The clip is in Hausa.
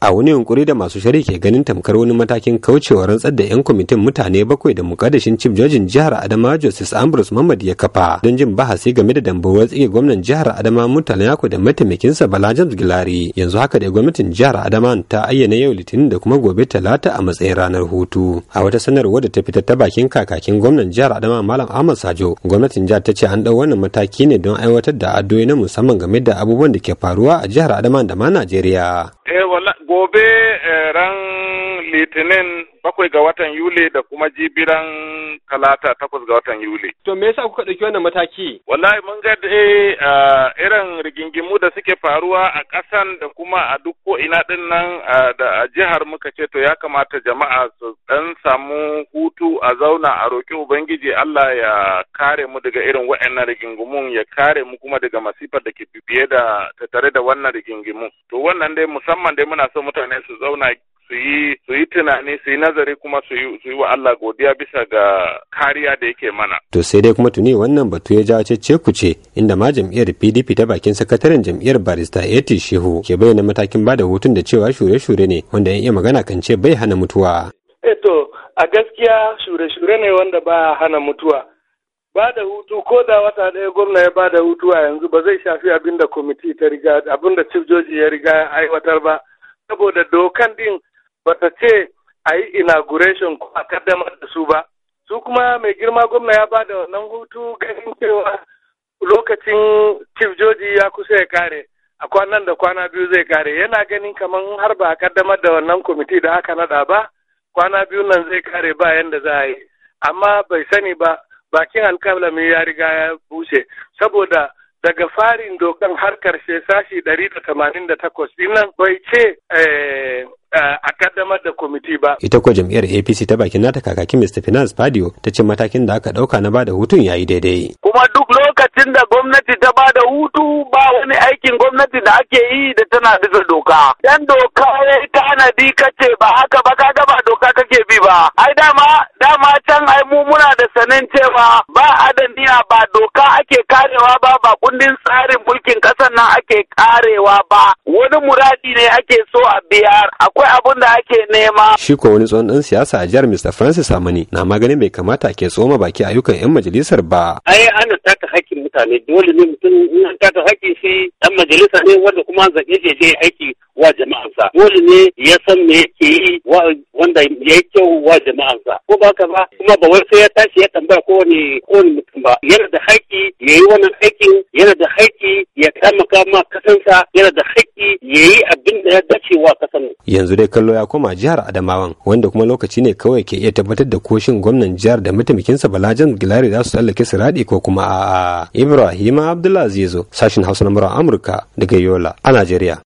a wani yunkuri da masu shari ke ganin tamkar wani matakin kaucewa rantsar da 'yan kwamitin mutane bakwai da mukaddashin cif jojin jihar adama joseph ambrose mamad ya kafa don jin bahasi game da dambawar tsige gwamnan jihar adama mutane yako da mataimakinsa bala james gilari yanzu haka da gwamnatin jihar adama ta ayyana yau litinin da kuma gobe talata a matsayin ranar hutu a wata sanarwa da ta fitar ta bakin kakakin gwamnan jihar adama malam ahmad sajo gwamnatin jihar ta ce an ɗau wannan mataki ne don aiwatar da addu'o'i na musamman game da abubuwan da ke faruwa a jihar adama da ma najeriya gobe eh, ran litinin bakwai ga watan Yuli da kuma jibiran talata takwas ga watan Yuli. To me yasa kuka ɗauki wannan mataki? Wallahi mun ga da irin rigingimu da suke faruwa a ƙasan da kuma a duk ko ina ɗin nan da a jihar muka ce to ya kamata jama'a su ɗan samu hutu a zauna a roƙi Ubangiji Allah ya kare mu daga irin wa'annan rigingimun ya kare mu kuma daga masifar da ke bibiye da tattare da wannan rigingimu. To wannan dai musamman dai muna so mutane su zauna su yi tunani su yi nazari kuma su yi wa Allah godiya bisa ga kariya da yake mana to sai dai kuma tuni wannan batu ya jawo cece kuce inda ma jam'iyyar PDP ta bakin sakataren jam'iyyar barista Eti Shehu ke bayyana matakin bada hutun da cewa shure-shure ne wanda yan iya magana kan ce bai hana mutuwa eto eh a gaskiya shure-shure ne wanda ba hana mutuwa ba da hutu ko da wata ɗaya gwamna ya ba da hutu a yanzu ba zai shafi abinda da kwamiti ta riga abin da chief ya riga ya aiwatar ba saboda dokan din bata ce a yi inauguration ko a kaddamar da su ba su kuma mai girma gwamna ya ba da wannan hutu ganin cewa lokacin chief joji ya kusa ya kare a kwanan da kwana biyu zai kare yana ganin kamar har ba a kaddamar da wannan kwamiti da aka nada ba kwana biyu nan zai kare ba yanda za a yi amma bai sani ba bakin alkalami ya riga ya bushe saboda daga farin dokan har karshe sashi ɗari da tamanin da takwas dinnan bai ce eh, eh, a kaddamar da kwamiti ba. Ita ko jam'iyyar APC ta bakin nata kakaki Mr. Finance Fadio ta ce matakin da aka ɗauka na bada hutun yayi daidai. Kuma duk lokacin da gwamnati ta bada hutu ba wani aikin gwamnati da ake yi da tana bisa doka. Yan doka ya yi tanadi kace ba haka ba ka gaba doka. kake bi ba ai dama dama can ai mu muna da sanin cewa ba adaniya ba doka ake karewa ba ba kundin tsarin mulkin kasar nan ake karewa ba wani muradi ne ake so a biya akwai abin da ake nema shi ko wani tsohon ɗan siyasa a jihar Mr Francis Amani na maganin bai kamata ke tsoma baki ayyukan yan majalisar ba ai ana taka hakkin mutane dole ne mutum in taka hakkin shi 'yan majalisa ne wanda kuma zaɓe je aiki wa jama'ansa dole ne ya san me yake yi wanda ya yi kyau wa jama'ansa ko ba ka ba kuma ba wai sai ya tashi ya tambaya kowane kowane mutum ba yana da haƙƙi ya yi wannan aikin yana da haƙƙi ya taimaka ma kasansa yana da haƙƙi ya yi abin da ya dace wa kasan yanzu dai kallo ya koma jihar Adamawan wanda kuma lokaci ne kawai ke iya tabbatar da koshin gwamnan jihar da mataimakinsa Balajan Gilari za su tsallake su raɗi ko kuma a'a ibrahim Abdullahi zo sashin Hausa na Amurka daga Yola a Najeriya